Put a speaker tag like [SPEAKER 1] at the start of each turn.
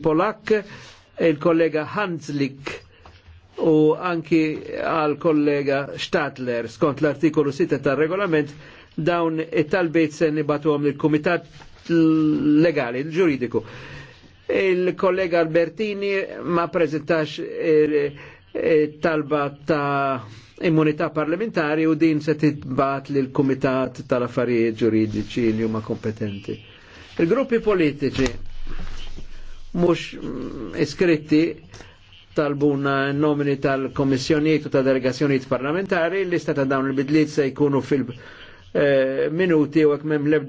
[SPEAKER 1] Polak, e il-kollega Hanslik u anki għal kollega Stadler skont l-artikolu 6 tal-regolament dawn it-talbejt e se nibatu għom l komitat legali, l ġuridiku Il-kollega Albertini ma prezentax e, talba ta' immunità parlamentari u din se titbat l-komitat tal-affarijiet ġuridiċi li huma kompetenti. Il-gruppi politiċi mux iskritti talbuna nomini tal-komissjoniet u tal-delegazzjoniet parlamentari, l-lista ta' dawn il-bidliet se jkunu fil- eh, minuti
[SPEAKER 2] u għek mem